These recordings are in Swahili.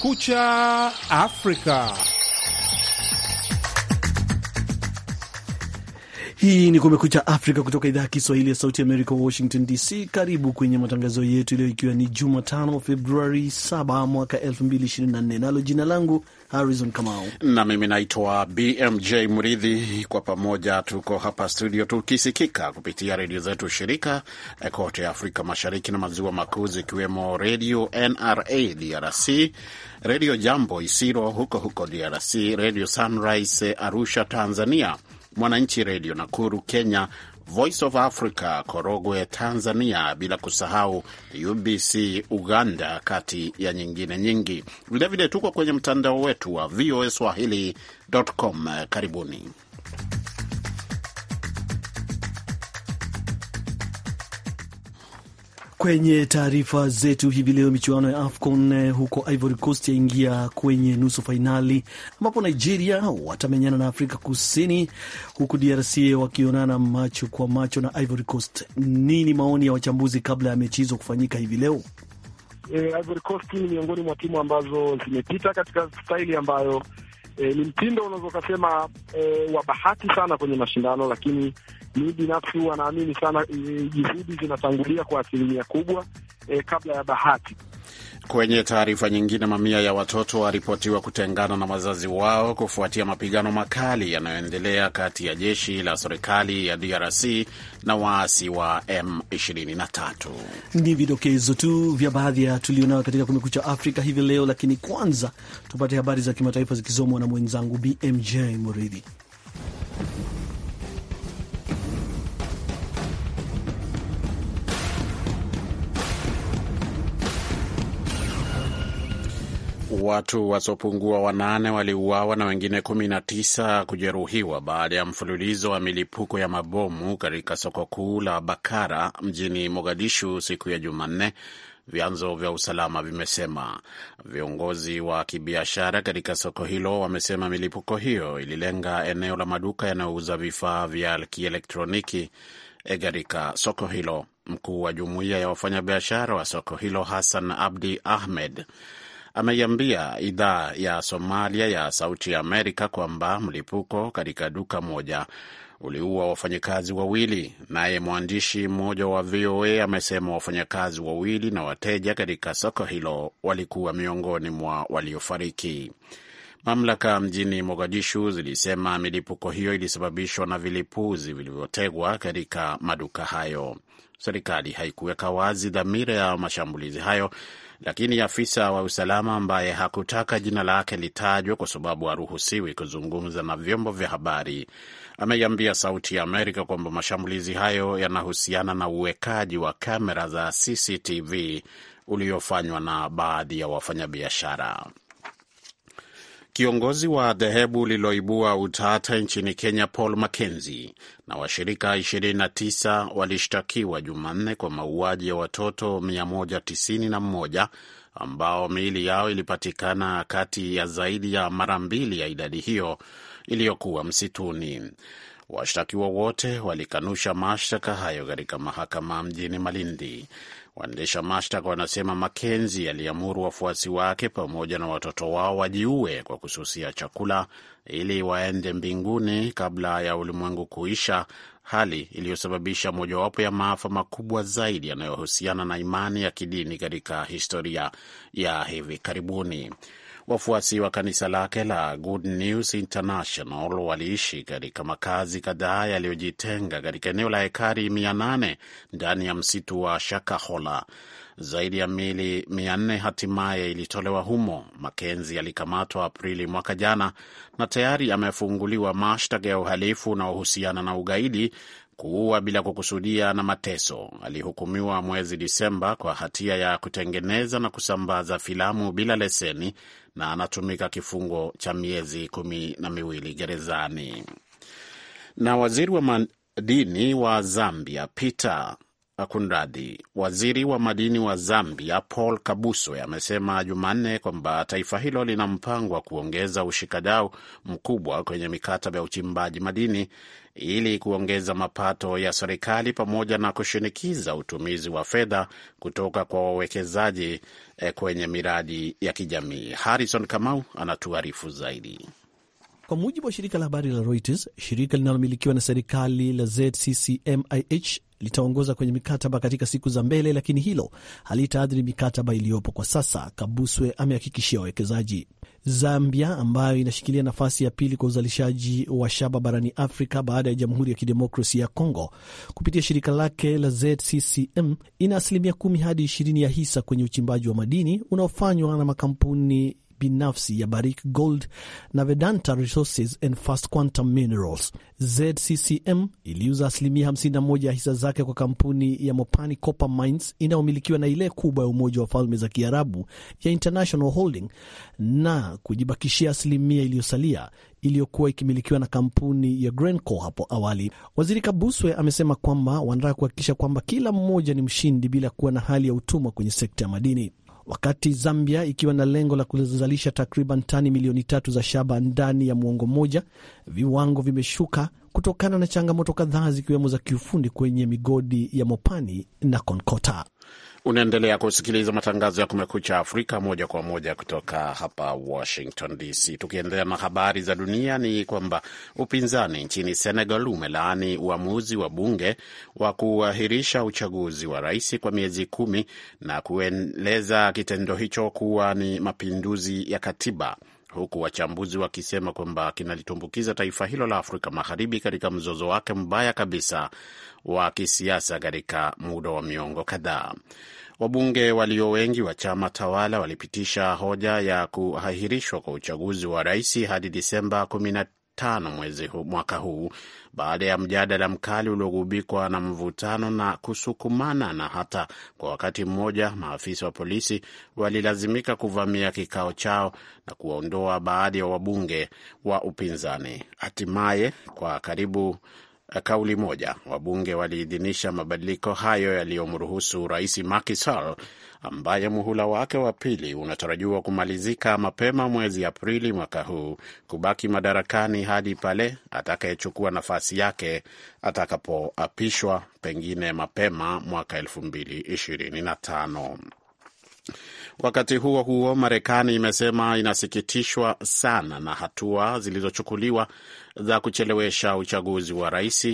Kumekucha Afrika. Hii ni Kumekucha Afrika kutoka idhaa ya Kiswahili ya Sauti Amerika, Washington DC. Karibu kwenye matangazo yetu leo, ikiwa ni Jumatano Februari 7 mwaka 2024, nalo jina langu Harrison Kamau na mimi naitwa BMJ Mridhi. Kwa pamoja tuko hapa studio tukisikika kupitia redio zetu shirika eh, kote Afrika Mashariki na Maziwa Makuu, zikiwemo Redio NRA DRC, Redio Jambo Isiro huko huko DRC, Redio Sunrise Arusha Tanzania, Mwananchi Redio Nakuru Kenya, Voice of Africa Korogwe Tanzania, bila kusahau UBC Uganda, kati ya nyingine nyingi. Vilevile tuko kwenye mtandao wetu wa VOA Swahili.com. Karibuni. Kwenye taarifa zetu hivi leo, michuano ya AFCON eh, huko Ivory Coast yaingia kwenye nusu fainali ambapo Nigeria watamenyana na Afrika Kusini, huku DRC wakionana macho kwa macho na Ivory Coast. Nini maoni ya wachambuzi kabla ya mechi hizo kufanyika hivi leo? E, Ivory Coast ni miongoni mwa timu ambazo zimepita katika staili ambayo e, ni mtindo unaweza ukasema e, wa bahati sana kwenye mashindano, lakini mi binafsi huwa naamini sana e, juhudi zinatangulia kwa asilimia kubwa e, kabla ya bahati. Kwenye taarifa nyingine, mamia ya watoto waripotiwa kutengana na wazazi wao kufuatia mapigano makali yanayoendelea kati ya jeshi la serikali ya DRC na waasi wa M23. Ni vidokezo tu vya baadhi ya tulionayo katika Kumekucha Afrika hivi leo, lakini kwanza tupate habari za kimataifa zikisomwa na mwenzangu BMJ Muridhi. Watu wasiopungua wanane waliuawa na wengine kumi kujeruhiwa baada ya mfululizo wa milipuko ya mabomu katika soko kuu la Bakara mjini Mogadishu siku ya Jumanne, vyanzo vya usalama vimesema. Viongozi wa kibiashara katika soko hilo wamesema milipuko hiyo ililenga eneo la maduka yanayouza vifaa vya kielektroniki katika soko hilo. Mkuu wa jumuiya ya wafanyabiashara wa soko hilo Hassan Abdi Ahmed ameiambia idhaa ya Somalia ya Sauti ya Amerika kwamba mlipuko katika duka moja uliua wafanyakazi wawili. Naye mwandishi mmoja wa VOA amesema wafanyakazi wawili na wateja katika soko hilo walikuwa miongoni mwa waliofariki. Mamlaka mjini Mogadishu zilisema milipuko hiyo ilisababishwa na vilipuzi vilivyotegwa katika maduka hayo serikali haikuweka wazi dhamira ya mashambulizi hayo, lakini afisa wa usalama ambaye hakutaka jina lake litajwe kwa sababu haruhusiwi kuzungumza na vyombo vya habari ameiambia Sauti ya Amerika kwamba mashambulizi hayo yanahusiana na uwekaji wa kamera za CCTV uliofanywa na baadhi ya wafanyabiashara. Kiongozi wa dhehebu lililoibua utata nchini Kenya, Paul makenzi na washirika 29 walishtakiwa Jumanne kwa mauaji ya watoto 191 ambao miili yao ilipatikana kati ya zaidi ya mara mbili ya idadi hiyo iliyokuwa msituni. Washtakiwa wote walikanusha mashtaka hayo katika mahakama mjini Malindi. Waendesha mashtaka wanasema Makenzi aliamuru wafuasi wake pamoja na watoto wao wajiue kwa kususia chakula ili waende mbinguni kabla ya ulimwengu kuisha, hali iliyosababisha mojawapo ya maafa makubwa zaidi yanayohusiana na imani ya kidini katika historia ya hivi karibuni. Wafuasi wa kanisa lake la Good News International waliishi katika makazi kadhaa yaliyojitenga katika eneo la hekari 800 ndani ya msitu wa Shakahola. Zaidi ya mili 400 hatimaye ilitolewa humo. Makenzi alikamatwa Aprili mwaka jana na tayari amefunguliwa mashtaka ya uhalifu unaohusiana na ugaidi kuua bila kukusudia na mateso. Alihukumiwa mwezi Disemba kwa hatia ya kutengeneza na kusambaza filamu bila leseni na anatumika kifungo cha miezi kumi na miwili gerezani. Na waziri wa madini wa Zambia Peter Kunradhi, waziri wa madini wa Zambia Paul Kabuswe amesema Jumanne kwamba taifa hilo lina mpango wa kuongeza ushikadau mkubwa kwenye mikataba ya uchimbaji madini ili kuongeza mapato ya serikali pamoja na kushinikiza utumizi wa fedha kutoka kwa wawekezaji eh, kwenye miradi ya kijamii. Harrison Kamau anatuarifu zaidi. Kwa mujibu wa shirika la habari la Reuters, shirika linalomilikiwa na serikali la ZCCMIH litaongoza kwenye mikataba katika siku za mbele, lakini hilo halitaadhiri mikataba iliyopo kwa sasa, Kabuswe amehakikishia wawekezaji. Zambia ambayo inashikilia nafasi ya pili kwa uzalishaji wa shaba barani Afrika baada ya Jamhuri ya Kidemokrasi ya Congo, kupitia shirika lake la ZCCM ina asilimia kumi hadi ishirini ya hisa kwenye uchimbaji wa madini unaofanywa na makampuni binafsi ya Barrick Gold na Vedanta Resources and First Quantum Minerals. ZCCM iliuza asilimia 51 ya hisa zake kwa kampuni ya Mopani Copper Mines inayomilikiwa na ile kubwa ya Umoja wa Falme za Kiarabu ya International Holding na kujibakishia asilimia iliyosalia iliyokuwa ikimilikiwa na kampuni ya Grenco hapo awali. Waziri Kabuswe amesema kwamba wanataka kuhakikisha kwamba kila mmoja ni mshindi bila kuwa na hali ya utumwa kwenye sekta ya madini wakati Zambia ikiwa na lengo la kuzalisha takriban tani milioni tatu za shaba ndani ya mwongo mmoja, viwango vimeshuka kutokana na changamoto kadhaa zikiwemo za kiufundi kwenye migodi ya Mopani na Konkota. Unaendelea kusikiliza matangazo ya Kumekucha Afrika moja kwa moja kutoka hapa Washington DC. Tukiendelea na habari za dunia, ni kwamba upinzani nchini Senegal umelaani uamuzi wa bunge wa kuahirisha uchaguzi wa rais kwa miezi kumi na kueleza kitendo hicho kuwa ni mapinduzi ya katiba huku wachambuzi wakisema kwamba kinalitumbukiza taifa hilo la Afrika Magharibi katika mzozo wake mbaya kabisa wa kisiasa katika muda wa miongo kadhaa. Wabunge walio wengi wa chama tawala walipitisha hoja ya kuahirishwa kwa uchaguzi wa rais hadi Disemba tano mwezi hu, mwaka huu baada ya mjadala mkali uliogubikwa na mvutano na kusukumana, na hata kwa wakati mmoja maafisa wa polisi walilazimika kuvamia kikao chao na kuwaondoa baadhi ya wabunge wa upinzani. Hatimaye kwa karibu kauli moja wabunge waliidhinisha mabadiliko hayo yaliyomruhusu Rais Macky Sall ambaye muhula wake wa pili unatarajiwa kumalizika mapema mwezi Aprili mwaka huu kubaki madarakani hadi pale atakayechukua nafasi yake atakapoapishwa, pengine mapema mwaka 2025. Wakati huo huo, Marekani imesema inasikitishwa sana na hatua zilizochukuliwa za kuchelewesha uchaguzi wa rais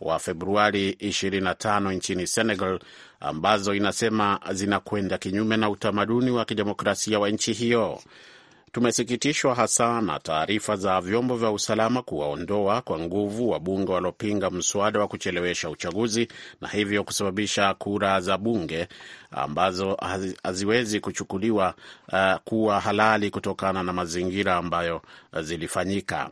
wa Februari 25 nchini Senegal, ambazo inasema zinakwenda kinyume na utamaduni wa kidemokrasia wa nchi hiyo. Tumesikitishwa hasa na taarifa za vyombo vya usalama kuwaondoa kwa nguvu wabunge waliopinga mswada wa kuchelewesha uchaguzi na hivyo kusababisha kura za bunge ambazo haziwezi kuchukuliwa uh, kuwa halali kutokana na mazingira ambayo eh, zilifanyika.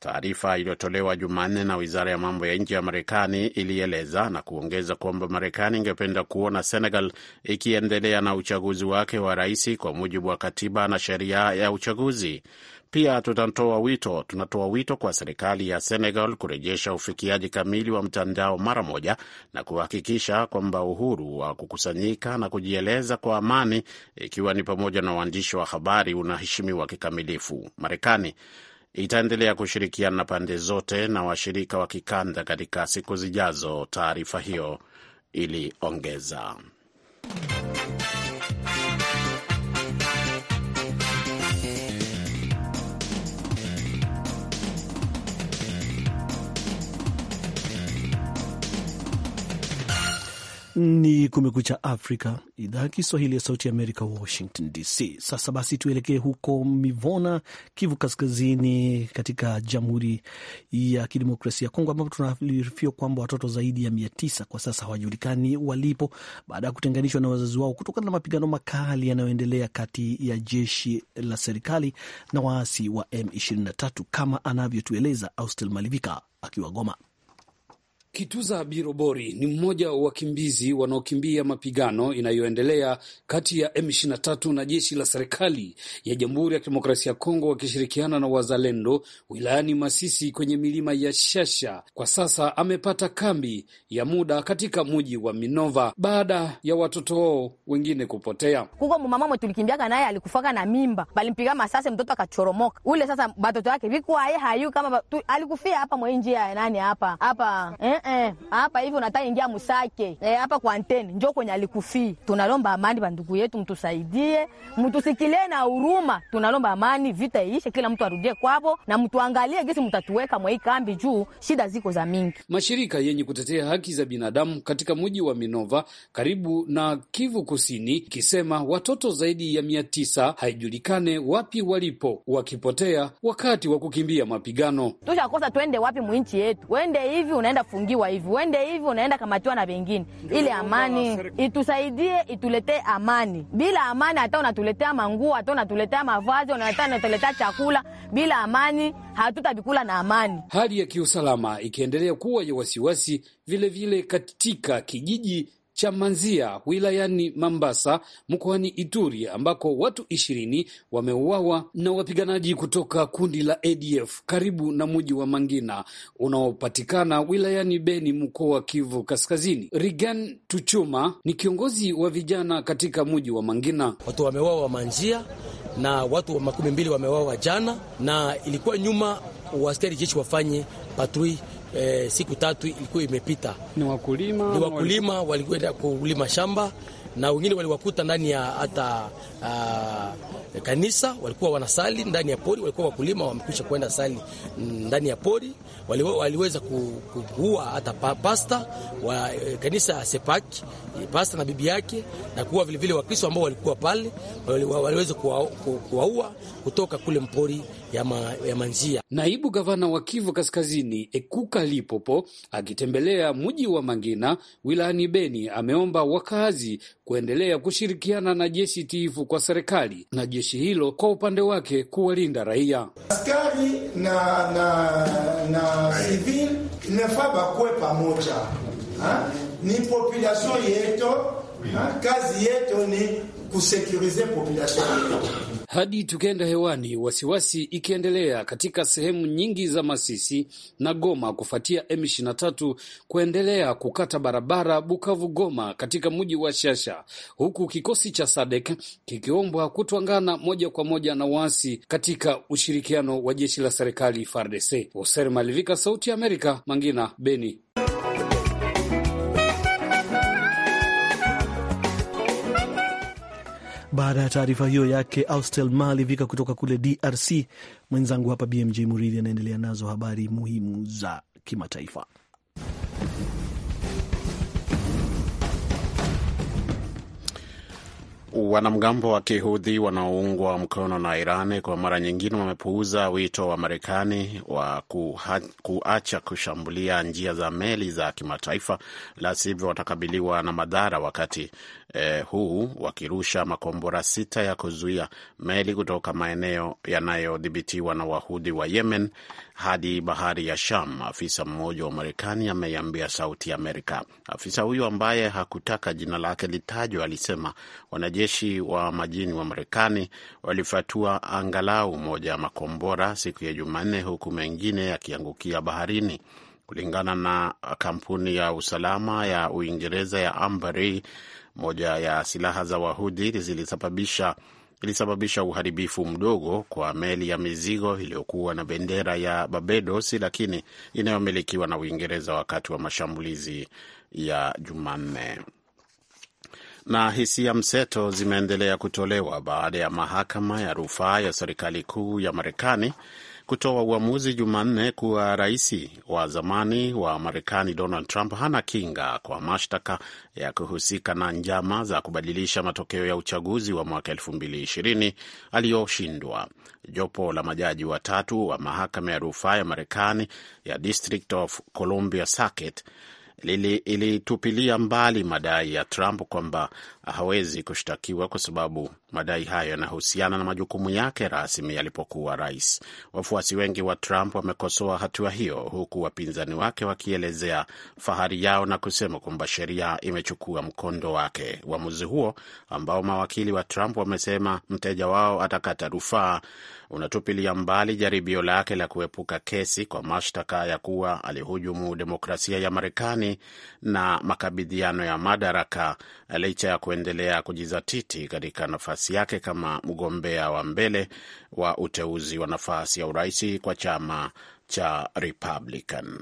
Taarifa iliyotolewa Jumanne na wizara ya mambo ya nje ya Marekani ilieleza na kuongeza kwamba Marekani ingependa kuona Senegal ikiendelea na uchaguzi wake wa rais kwa mujibu wa katiba na sheria ya uchaguzi. Pia tutatoa wito, tunatoa wito kwa serikali ya Senegal kurejesha ufikiaji kamili wa mtandao mara moja na kuhakikisha kwamba uhuru wa kukusanyika na kujieleza kwa amani, ikiwa ni pamoja na waandishi wa habari, unaheshimiwa kikamilifu. Marekani itaendelea kushirikiana na pande zote na washirika wa kikanda katika siku zijazo, taarifa hiyo iliongeza. Ni Kumekucha Afrika, idhaa ya Kiswahili ya Sauti ya Amerika, Washington DC. Sasa basi, tuelekee huko Mivona, Kivu Kaskazini, katika Jamhuri ya Kidemokrasia ya Kongo, ambapo tunaarifiwa kwamba watoto zaidi ya mia tisa kwa sasa hawajulikani walipo baada ya kutenganishwa na wazazi wao kutokana na mapigano makali yanayoendelea kati ya jeshi la serikali na waasi wa M23, kama anavyotueleza Austel Malivika akiwa Goma. Kituza Birobori ni mmoja wa wakimbizi wanaokimbia mapigano inayoendelea kati ya M23 na jeshi la serikali ya Jamhuri ya Kidemokrasia ya Kongo wakishirikiana na wazalendo wilayani Masisi kwenye milima ya Shasha. Kwa sasa amepata kambi ya muda katika muji wa Minova baada ya watoto wao wengine kupotea. Kuko mumama mwe tulikimbiaka naye alikufaka na mimba, balimpiga masasi, mtoto akachoromoka. Ule sasa batoto yake vikuaye hayu kama alikufia hapa mwenjia nani hapa hapa eh? Eh, eh hapa hivi unataka ingia musake eh, hapa eh, kwa antene njo kwenye alikufi. Tunalomba amani bandugu yetu, mtusaidie mtusikilie na huruma. Tunalomba amani, vita iishe, kila mtu arudie kwavo na mtuangalie gesi mtatuweka mwa hii kambi juu shida ziko za mingi. Mashirika yenye kutetea haki za binadamu katika mji wa Minova karibu na Kivu Kusini kisema watoto zaidi ya mia tisa haijulikane wapi walipo wakipotea wakati wa kukimbia mapigano. Tushakosa twende wapi mwinchi yetu, wende hivi unaenda fungi kufungiwa hivi, uende hivi unaenda kamatiwa na wengine. Ile amani itusaidie, ituletee amani. Bila amani, hata unatuletea manguo, hata unatuletea mavazi, unatuletea chakula. Bila amani, hatutavikula na amani. Hali ya kiusalama ikiendelea kuwa ya wasiwasi vilevile katika kijiji cha Manzia wilayani Mambasa mkoani Ituri ambako watu ishirini wameuawa na wapiganaji kutoka kundi la ADF karibu na muji wa Mangina unaopatikana wilayani Beni mkoa wa Kivu Kaskazini. Rigan Tuchuma ni kiongozi wa vijana katika muji wa Mangina. Watu wameuawa Manzia na watu makumi mbili wameuawa jana, na ilikuwa nyuma waskari jeshi wafanye patrui e, siku tatu ilikuwa imepita. Ni wakulima, ni wakulima walikwenda kulima shamba na wengine waliwakuta ndani ya hata uh, kanisa walikuwa wanasali ndani ya pori. Walikuwa wakulima wamekwisha kwenda sali ndani ya pori, waliweza kuua hata pasta wa eh, kanisa ya Sepaki, eh, pasta na bibi yake, na kuua vilevile Wakristo ambao walikuwa pale, waliweza kuwaua kutoka kule mpori ya, ma, ya manjia. Naibu gavana wa Kivu Kaskazini Ekuka alipopo akitembelea mji wa Mangina wilayani Beni ameomba wakazi kuendelea kushirikiana na jeshi tiifu kwa serikali na jeshi hilo kwa upande wake kuwalinda raia. Askari na na na inafaa bakuwe pamoja, ni yeto Kazi yetu ni kusekurize population yetu. Hadi tukienda hewani, wasiwasi ikiendelea katika sehemu nyingi za Masisi na Goma kufuatia M23 kuendelea kukata barabara Bukavu Goma katika mji wa Shasha, huku kikosi cha Sadek kikiombwa kutwangana moja kwa moja na waasi katika ushirikiano wa jeshi la serikali FARDC. Oser Malivika, Sauti ya Amerika, Mangina, Beni. Baada ya taarifa hiyo yake Austel Malivika kutoka kule DRC, mwenzangu hapa BMJ Muridhi anaendelea nazo habari muhimu za kimataifa. Wanamgambo wa kihudhi wanaoungwa mkono na Irani kwa mara nyingine wamepuuza wito wa Marekani wa kuha, kuacha kushambulia njia za meli za kimataifa, la sivyo watakabiliwa na madhara wakati eh, huu wakirusha makombora sita ya kuzuia meli kutoka maeneo yanayodhibitiwa na wahudi wa Yemen hadi bahari ya Sham, afisa mmoja wa Marekani ameiambia Sauti ya Amerika. Afisa huyo ambaye hakutaka jina lake litajwa alisema wanajeshi wa majini wa Marekani walifatua angalau moja ya makombora siku ya Jumanne, huku mengine yakiangukia baharini. Kulingana na kampuni ya usalama ya Uingereza ya Amberley, moja ya silaha za wahudi zilisababisha ilisababisha uharibifu mdogo kwa meli ya mizigo iliyokuwa na bendera ya Barbados lakini inayomilikiwa na Uingereza wakati wa mashambulizi ya Jumanne. Na hisia mseto zimeendelea kutolewa baada ya mahakama ya rufaa ya serikali kuu ya Marekani kutoa uamuzi Jumanne kuwa rais wa zamani wa Marekani Donald Trump hana kinga kwa mashtaka ya kuhusika na njama za kubadilisha matokeo ya uchaguzi wa mwaka 2020 aliyoshindwa. Jopo la majaji watatu wa mahakama ya rufaa ya Marekani ya District of Columbia Circuit ilitupilia mbali madai ya Trump kwamba hawezi kushtakiwa kwa sababu madai hayo yanahusiana na majukumu yake rasmi yalipokuwa rais. Wafuasi wengi wa Trump wamekosoa hatua hiyo, huku wapinzani wake wakielezea fahari yao na kusema kwamba sheria imechukua mkondo wake. Uamuzi huo ambao mawakili wa Trump wamesema mteja wao atakata rufaa unatupilia mbali jaribio lake la kuepuka kesi kwa mashtaka ya kuwa alihujumu demokrasia ya Marekani na makabidhiano ya madaraka licha ya ataendelea kujizatiti katika nafasi yake kama mgombea wa mbele wa uteuzi wa nafasi ya uraisi kwa chama cha Republican.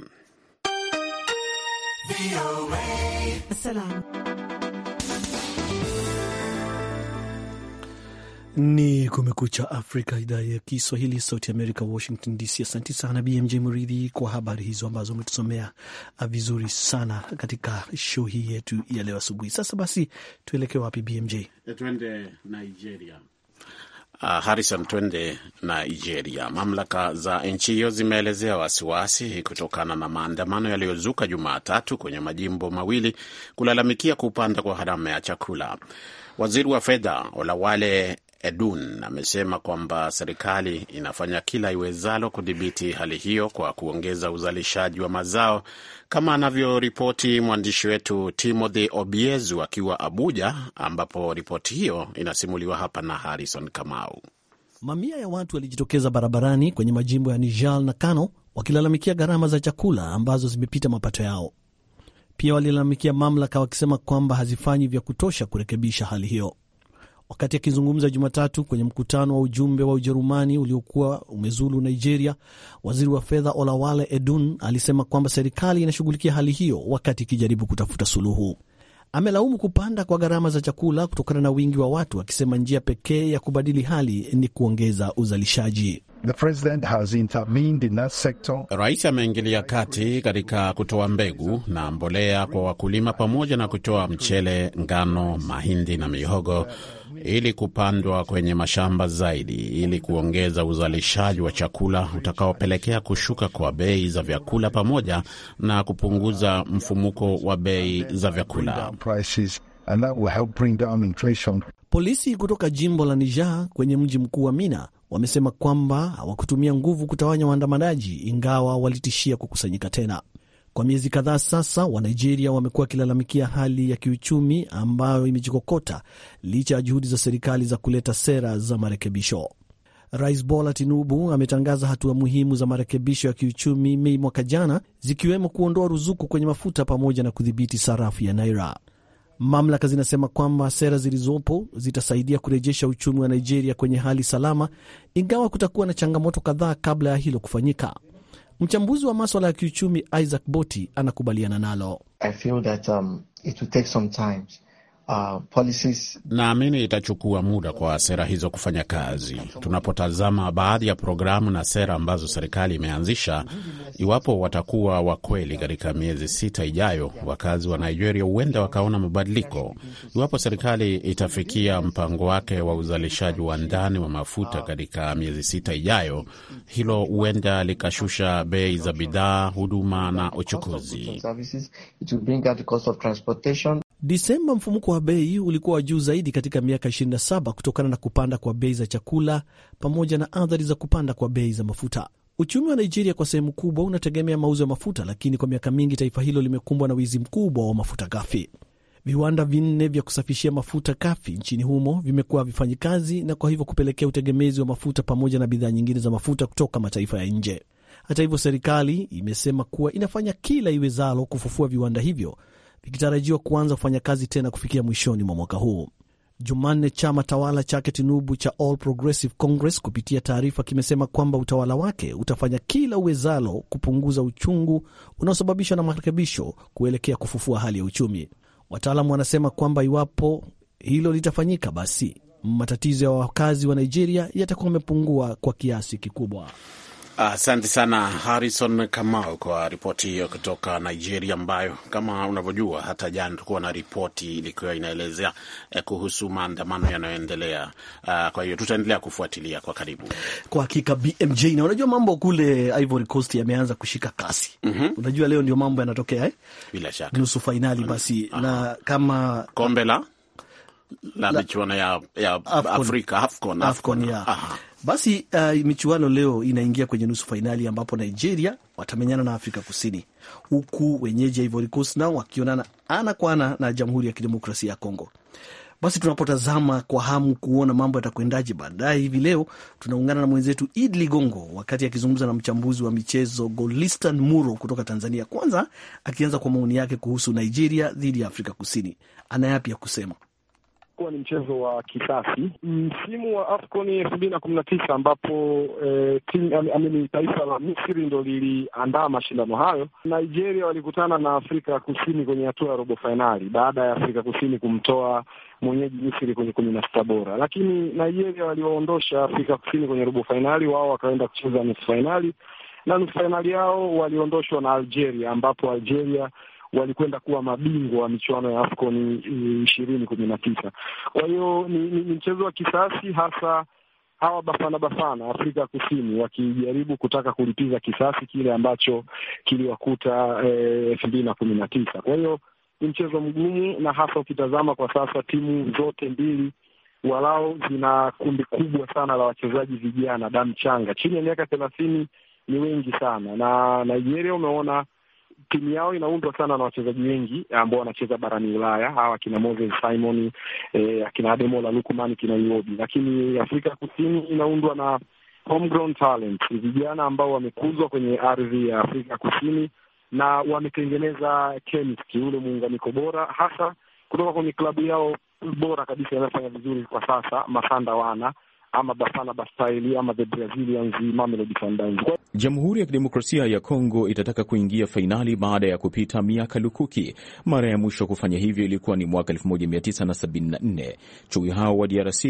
Ni Kumekucha Afrika, idhaa ya Kiswahili, sauti Amerika, Washington DC. Asante sana BMJ Muridhi kwa habari hizo ambazo umetusomea ah, vizuri sana katika show hii yetu ya leo asubuhi. Sasa basi, tuelekee wapi BMJ? Eh, Tuende Nigeria. Uh, Harrison, twende Nigeria. Mamlaka za nchi hiyo zimeelezea wasiwasi kutokana na maandamano yaliyozuka Jumatatu kwenye majimbo mawili kulalamikia kupanda kwa gharama ya chakula. Waziri wa fedha Olawale Edun amesema kwamba serikali inafanya kila iwezalo kudhibiti hali hiyo kwa kuongeza uzalishaji wa mazao, kama anavyoripoti mwandishi wetu Timothy Obiezu akiwa Abuja, ambapo ripoti hiyo inasimuliwa hapa na Harrison Kamau. Mamia ya watu walijitokeza barabarani kwenye majimbo ya Niger na Kano wakilalamikia gharama za chakula ambazo zimepita mapato yao. Pia walilalamikia mamlaka wakisema kwamba hazifanyi vya kutosha kurekebisha hali hiyo. Wakati akizungumza Jumatatu kwenye mkutano wa ujumbe wa Ujerumani uliokuwa umezulu Nigeria, waziri wa fedha Olawale Edun alisema kwamba serikali inashughulikia hali hiyo wakati ikijaribu kutafuta suluhu. Amelaumu kupanda kwa gharama za chakula kutokana na wingi wa watu, akisema njia pekee ya kubadili hali ni kuongeza uzalishaji. Rais ameingilia kati katika kutoa mbegu na mbolea kwa wakulima pamoja na kutoa mchele, ngano, mahindi na mihogo ili kupandwa kwenye mashamba zaidi ili kuongeza uzalishaji wa chakula utakaopelekea kushuka kwa bei za vyakula pamoja na kupunguza mfumuko wa bei za vyakula. Polisi kutoka jimbo la Niger kwenye mji mkuu wa Mina wamesema kwamba hawakutumia nguvu kutawanya waandamanaji, ingawa walitishia kukusanyika tena. Kwa miezi kadhaa sasa, Wanigeria wamekuwa wakilalamikia hali ya kiuchumi ambayo imejikokota licha ya juhudi za serikali za kuleta sera za marekebisho. Rais Bola Tinubu ametangaza hatua muhimu za marekebisho ya kiuchumi Mei mwaka jana, zikiwemo kuondoa ruzuku kwenye mafuta pamoja na kudhibiti sarafu ya naira. Mamlaka zinasema kwamba sera zilizopo zitasaidia kurejesha uchumi wa Nigeria kwenye hali salama, ingawa kutakuwa na changamoto kadhaa kabla ya hilo kufanyika. Mchambuzi wa maswala ya kiuchumi Isaac Boti anakubaliana nalo. I feel that, um, it will take some Uh, policies... naamini itachukua muda kwa sera hizo kufanya kazi. Tunapotazama baadhi ya programu na sera ambazo serikali imeanzisha, iwapo watakuwa wa kweli, katika miezi sita ijayo, wakazi wa Nigeria huenda wakaona mabadiliko. Iwapo serikali itafikia mpango wake wa uzalishaji wa ndani wa mafuta katika miezi sita ijayo, hilo huenda likashusha bei za bidhaa, huduma na uchukuzi disemba mfumuko wa bei ulikuwa wa juu zaidi katika miaka 27 kutokana na kupanda kwa bei za chakula pamoja na athari za kupanda kwa bei za mafuta. Uchumi wa Nigeria kwa sehemu kubwa unategemea mauzo ya mafuta, lakini kwa miaka mingi taifa hilo limekumbwa na wizi mkubwa wa mafuta ghafi. Viwanda vinne vya kusafishia mafuta ghafi nchini humo vimekuwa vifanyi kazi na kwa hivyo kupelekea utegemezi wa mafuta pamoja na bidhaa nyingine za mafuta kutoka mataifa ya nje. Hata hivyo, serikali imesema kuwa inafanya kila iwezalo kufufua viwanda hivyo ikitarajiwa kuanza kufanya kazi tena kufikia mwishoni mwa mwaka huu. Jumanne, chama tawala chake Tinubu cha All Progressive Congress kupitia taarifa kimesema kwamba utawala wake utafanya kila uwezalo kupunguza uchungu unaosababishwa na marekebisho kuelekea kufufua hali ya uchumi. Wataalamu wanasema kwamba iwapo hilo litafanyika, basi matatizo ya wakazi wa Nigeria yatakuwa yamepungua kwa kiasi kikubwa. Asante uh, sana Harrison Kamau kwa ripoti hiyo kutoka Nigeria, ambayo kama unavyojua hata jana tulikuwa na ripoti ilikuwa inaelezea eh, kuhusu maandamano yanayoendelea. Uh, kwa hiyo tutaendelea kufuatilia kwa karibu kwa hakika BMJ, na unajua mambo kule Ivory Coast yameanza kushika kasi mm -hmm. Unajua leo ndio mambo yanatokea eh? Bila shaka nusu fainali basi, uh -huh. na kama kombe la la michuano ya, ya Afcon. Afrika Afcon, Afcon, Afcon, ya. Basi uh, michuano leo inaingia kwenye nusu fainali ambapo Nigeria watamenyana na Afrika Kusini, huku wenyeji Ivory Coast nao wakionana ana kwa ana na Jamhuri ya Kidemokrasia ya Kongo. Basi tunapotazama kwa hamu kuona mambo yatakwendaje baadaye hivi leo, tunaungana na mwenzetu Id Ligongo wakati akizungumza na mchambuzi wa michezo Golistan Muro kutoka Tanzania, kwanza akianza kwa maoni yake kuhusu Nigeria dhidi ya Afrika Kusini. Anayapya kusema? ulikuwa ni mchezo wa kisasi msimu wa AFCON elfu mbili na kumi na tisa ambapo eh, taifa la Misri ndo liliandaa mashindano hayo. Nigeria walikutana na Afrika Kusini kwenye hatua ya robo fainali baada ya Afrika Kusini kumtoa mwenyeji Misri kwenye kumi na sita bora, lakini Nigeria waliwaondosha Afrika Kusini kwenye robo fainali, wao wakaenda kucheza nusu fainali na nusu fainali yao waliondoshwa na Algeria ambapo Algeria walikwenda kuwa mabingwa wa michuano ya AFCON ishirini kumi na tisa. Kwa hiyo ni, ni, ni mchezo wa kisasi hasa hawa Bafana Bafana Afrika Kusini wakijaribu kutaka kulipiza kisasi kile ambacho kiliwakuta eh, elfu mbili na kumi na tisa. Kwa hiyo ni mchezo mgumu, na hasa ukitazama kwa sasa timu zote mbili walau zina kundi kubwa sana la wachezaji vijana damu changa chini ya miaka thelathini, ni wengi sana, na Nigeria umeona timu yao inaundwa sana na wachezaji wengi ambao wanacheza barani Ulaya, hawa akina Moses Simon, eh, akina Ademola Lukumani, kina Iwobi, lakini Afrika Kusini inaundwa na homegrown talent, vijana ambao wamekuzwa kwenye ardhi ya Afrika Kusini na wametengeneza chemistry, ule muunganiko bora, hasa kutoka kwenye klabu yao bora kabisa inayofanya vizuri kwa sasa, Masanda Wana ama Bafana Bastaili ama the Brazilians Mamelodi Jamhuri ya Kidemokrasia ya Kongo itataka kuingia fainali baada ya kupita miaka lukuki. Mara ya mwisho kufanya hivyo ilikuwa ni mwaka 1974. Chui hao wa DRC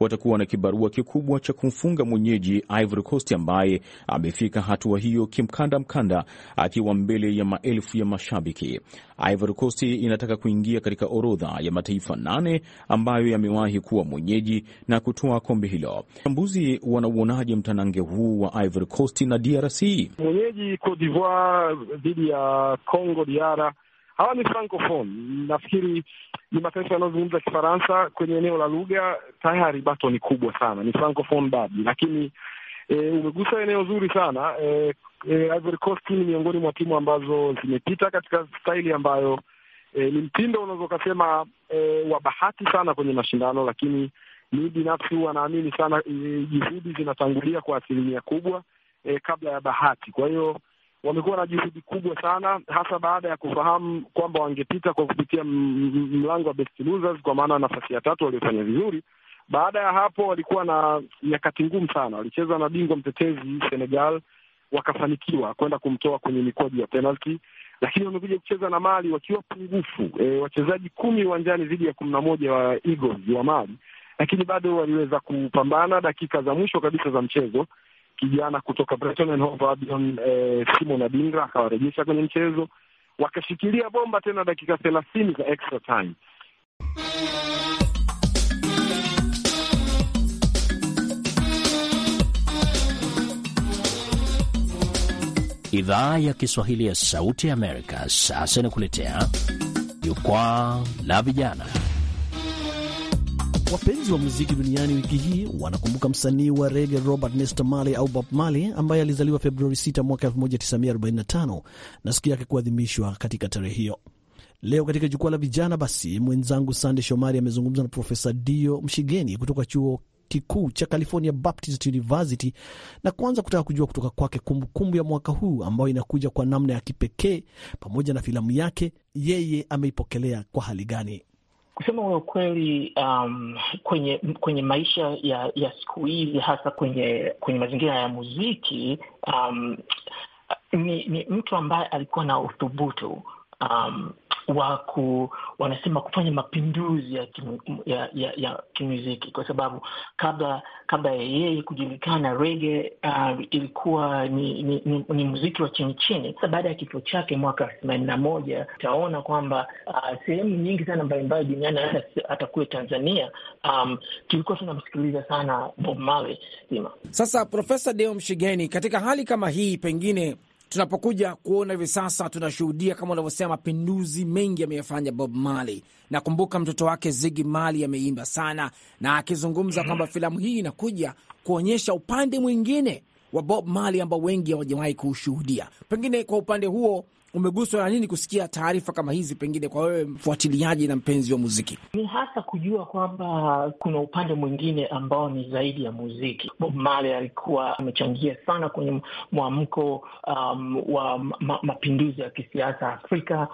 watakuwa na kibarua kikubwa cha kumfunga mwenyeji Ivory Coast ambaye amefika hatua hiyo kimkanda mkanda, akiwa mbele ya maelfu ya mashabiki. Ivory Coast inataka kuingia katika orodha ya mataifa nane ambayo yamewahi kuwa mwenyeji na kutoa kombe hilo hilo. Wachambuzi wanauonaje mtanange huu wa Ivory Coast na DRC? Mwenyeji Cote d'Ivoire dhidi ya Congo DR, hawa ni francophone, nafikiri ni mataifa yanayozungumza Kifaransa. Kwenye eneo la lugha tayari bato ni kubwa sana, ni francophone badi, lakini e, umegusa eneo zuri sana e, e, Ivory Coast ni miongoni mwa timu ambazo zimepita katika staili ambayo E, ni mtindo unaweza ukasema e, wa bahati sana kwenye mashindano, lakini Mi binafsi huwa naamini sana e, juhudi zinatangulia kwa asilimia kubwa e, kabla ya bahati. Kwa hiyo wamekuwa na juhudi kubwa sana, hasa baada ya kufahamu kwamba wangepita kwa kupitia mlango wa best losers, kwa maana nafasi ya tatu waliofanya vizuri. Baada ya hapo walikuwa na nyakati ngumu sana, walicheza na bingwa mtetezi Senegal wakafanikiwa kwenda kumtoa kwenye mikwaju ya penalti, lakini wamekuja kucheza na Mali wakiwa pungufu e, wachezaji kumi uwanjani dhidi ya kumi na moja wa Eagles wa Mali lakini bado waliweza kupambana. Dakika za mwisho kabisa za mchezo, kijana kutoka Brighton and Hove Albion eh, Simon Adingra akawarejesha kwenye mchezo, wakashikilia bomba tena dakika thelathini za extra time. Idhaa ya Kiswahili ya Sauti ya Amerika sasa inakuletea jukwaa la vijana Wapenzi wa muziki duniani wiki hii wanakumbuka msanii wa rege Robert Nesta Marley au Bob Marley ambaye alizaliwa Februari 6 mwaka 1945 na siku yake kuadhimishwa katika tarehe hiyo. Leo katika jukwaa la vijana, basi mwenzangu Sande Shomari amezungumza na Profesa Dio Mshigeni kutoka chuo kikuu cha California Baptist University na kwanza kutaka kujua kutoka kwake kumbukumbu ya mwaka huu ambayo inakuja kwa namna ya kipekee pamoja na filamu yake, yeye ameipokelea kwa hali gani? Kusema ule ukweli, um, kwenye kwenye maisha ya ya siku hizi, hasa kwenye kwenye mazingira ya muziki um, ni, ni mtu ambaye alikuwa na uthubutu um, wa ku, wanasema kufanya mapinduzi ya, kim, ya, ya, ya kimuziki kwa sababu kabla kabla ya yeye kujulikana rege uh, ilikuwa ni, ni, ni, ni muziki wa chini chini. Sasa baada ya kifo chake mwaka themanini na moja utaona kwamba uh, sehemu nyingi sana mbalimbali duniani hata kule Tanzania um, tulikuwa tunamsikiliza sana Bob Marley. Sasa Profesa Deo Mshigeni, katika hali kama hii pengine tunapokuja kuona hivi sasa tunashuhudia kama unavyosema mapinduzi mengi ameyafanya Bob Marley. Nakumbuka mtoto wake Ziggy Marley ameimba sana na akizungumza kwamba filamu hii inakuja kuonyesha upande mwingine wa Bob Marley ambao wengi hawajawahi kuushuhudia. Pengine kwa upande huo umeguswa na nini kusikia taarifa kama hizi, pengine kwa wewe mfuatiliaji na mpenzi wa muziki? Ni hasa kujua kwamba kuna upande mwingine ambao ni zaidi ya muziki. Bob Marley alikuwa amechangia sana kwenye mwamko um, wa ma mapinduzi ya kisiasa Afrika,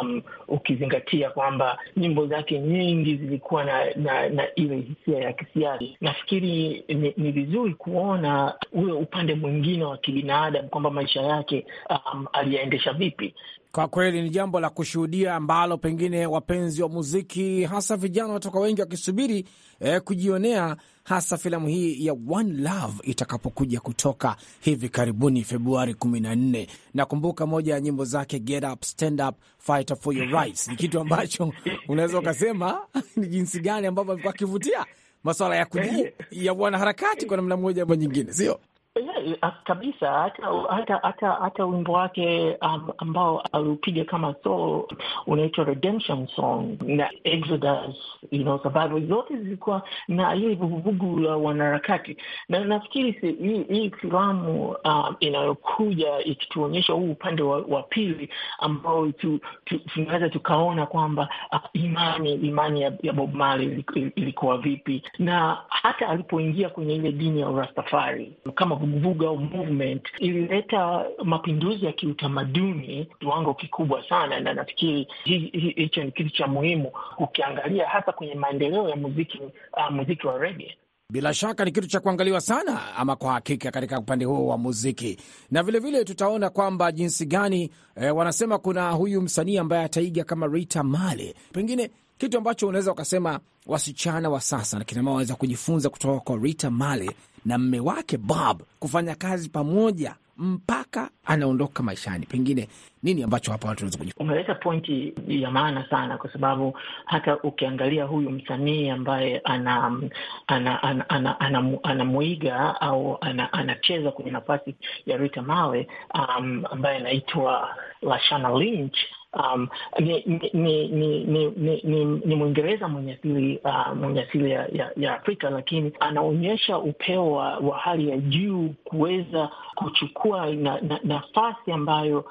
um, ukizingatia kwamba nyimbo zake nyingi zilikuwa na, na, na ile hisia ya kisiasa. Nafikiri ni, ni vizuri kuona ule upande mwingine wa kibinadamu kwamba maisha yake um, aliyaendesha vipi vipi? Kwa kweli ni jambo la kushuhudia ambalo pengine wapenzi wa muziki hasa vijana watoka wengi wakisubiri eh, kujionea hasa filamu hii ya One Love itakapokuja kutoka hivi karibuni Februari 14. Nakumbuka moja ya nyimbo zake Get Up, Stand Up, Fight for Your Rights ni kitu ambacho unaweza ukasema ni jinsi gani ambavyo amekuwa akivutia maswala ya, ya wanaharakati kwa namna moja ama nyingine, sio? Eh, ah, kabisa, hata hata hata hata wimbo wake um, ambao aliupiga kama solo unaitwa Redemption Song na Exodus, you know, sababu zote zilikuwa na hili vuguvugu la wanaharakati, na nafikiri hii filamu um, inayokuja ikituonyesha huu upande wa, wa pili ambao tu, tu, tunaweza tukaona kwamba uh, imani imani ya, ya Bob Marley ilikuwa vipi, na hata alipoingia kwenye ile dini ya Rastafari kama vuguvugu vuga movement ilileta mapinduzi ya kiutamaduni kiwango kikubwa sana, na nafikiri hicho ni kitu cha muhimu ukiangalia hasa kwenye maendeleo ya muziki, uh, muziki wa rege Bila shaka ni kitu cha kuangaliwa sana ama kwa hakika katika upande huo wa muziki, na vilevile vile tutaona kwamba jinsi gani eh, wanasema kuna huyu msanii ambaye ataiga kama Rita Male, pengine kitu ambacho unaweza ukasema wasichana wa sasa na kinamama wanaweza kujifunza kutoka kwa Rita Male na mme wake Bob kufanya kazi pamoja mpaka anaondoka maishani. Pengine nini ambacho hapa watu wanaweza kujifunza? Umeleta pointi ya maana sana, kwa sababu hata ukiangalia huyu msanii ambaye anamwiga ana, ana, ana, ana, ana au anacheza ana kwenye nafasi ya Rita Male um, ambaye anaitwa Lashana Lynch um, ni, ni, ni, ni, ni, ni, ni Mwingereza mwenye asili uh, mwenye asili ya, ya, ya Afrika, lakini anaonyesha upeo wa, wa hali ya juu kuweza kuchukua nafasi na, na ambayo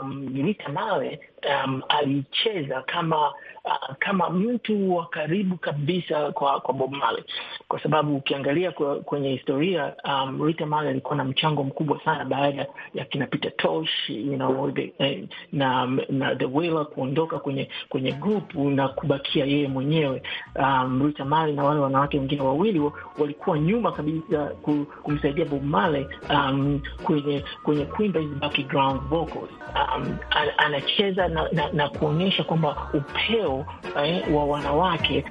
um, Rita Nawe um, alicheza kama uh, kama mtu wa karibu kabisa kwa kwa Bob Marley, kwa sababu ukiangalia kwa, kwenye historia um, Rita Marley alikuwa na mchango mkubwa sana baada ya kina Peter Tosh you know, the, eh, na, na The Wailers kuondoka kwenye kwenye grupu na kubakia yeye mwenyewe um, Rita Marley na wale wanawake wengine wawili walikuwa nyuma kabisa kumsaidia Bob Marley um, kwenye kwenye kuimba hizi background vocals um, anacheza na, na, na kuonyesha kwamba upeo eh, wa wanawake.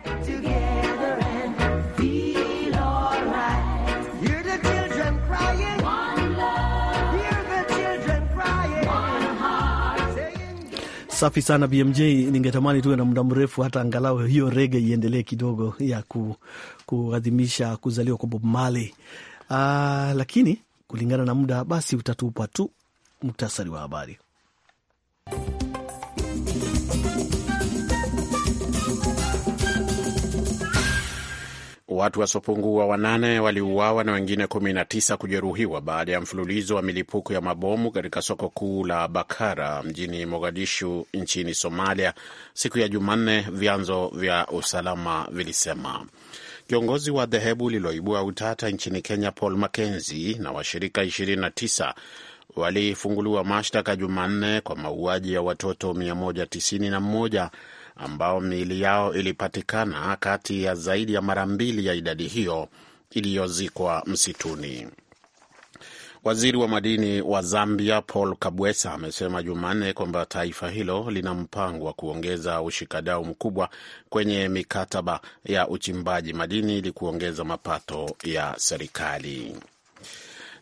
Safi sana BMJ, ningetamani tuwe na muda mrefu, hata angalau hiyo rege iendelee kidogo ya kuadhimisha kuzaliwa kwa Bob Marley. Uh, lakini kulingana na muda basi utatupa tu muktasari wa habari. Watu wasiopungua wanane waliuawa na wengine 19 kujeruhiwa baada ya mfululizo wa milipuko ya mabomu katika soko kuu la Bakara mjini Mogadishu nchini Somalia siku ya Jumanne, vyanzo vya usalama vilisema. Kiongozi wa dhehebu lililoibua utata nchini Kenya Paul makenzi na washirika 29 walifunguliwa mashtaka Jumanne kwa mauaji ya watoto 191 ambao miili yao ilipatikana kati ya zaidi ya mara mbili ya idadi hiyo iliyozikwa msituni. Waziri wa madini wa Zambia Paul Kabwesa amesema Jumanne kwamba taifa hilo lina mpango wa kuongeza ushikadau mkubwa kwenye mikataba ya uchimbaji madini ili kuongeza mapato ya serikali.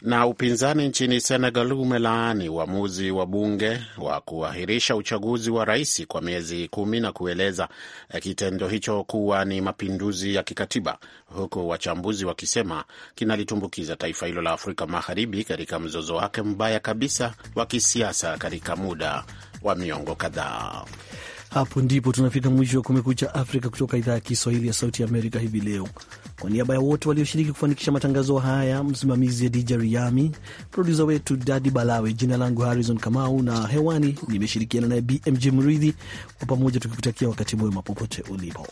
Na upinzani nchini Senegal umelaani uamuzi wa bunge wa kuahirisha uchaguzi wa rais kwa miezi kumi na kueleza kitendo hicho kuwa ni mapinduzi ya kikatiba, huku wachambuzi wakisema kinalitumbukiza taifa hilo la Afrika Magharibi katika mzozo wake mbaya kabisa wa kisiasa katika muda wa miongo kadhaa. Hapo ndipo tunafika mwisho wa Kumekucha Afrika kutoka idhaa ya Kiswahili ya Sauti Amerika hivi leo. Kwa niaba ya wote walioshiriki kufanikisha matangazo haya, msimamizi ya DJ Riami, produsa wetu Dadi Balawe, jina langu Harrison Kamau na hewani nimeshirikiana naye BMJ Mridhi, kwa pamoja tukikutakia wakati mwema popote ulipo.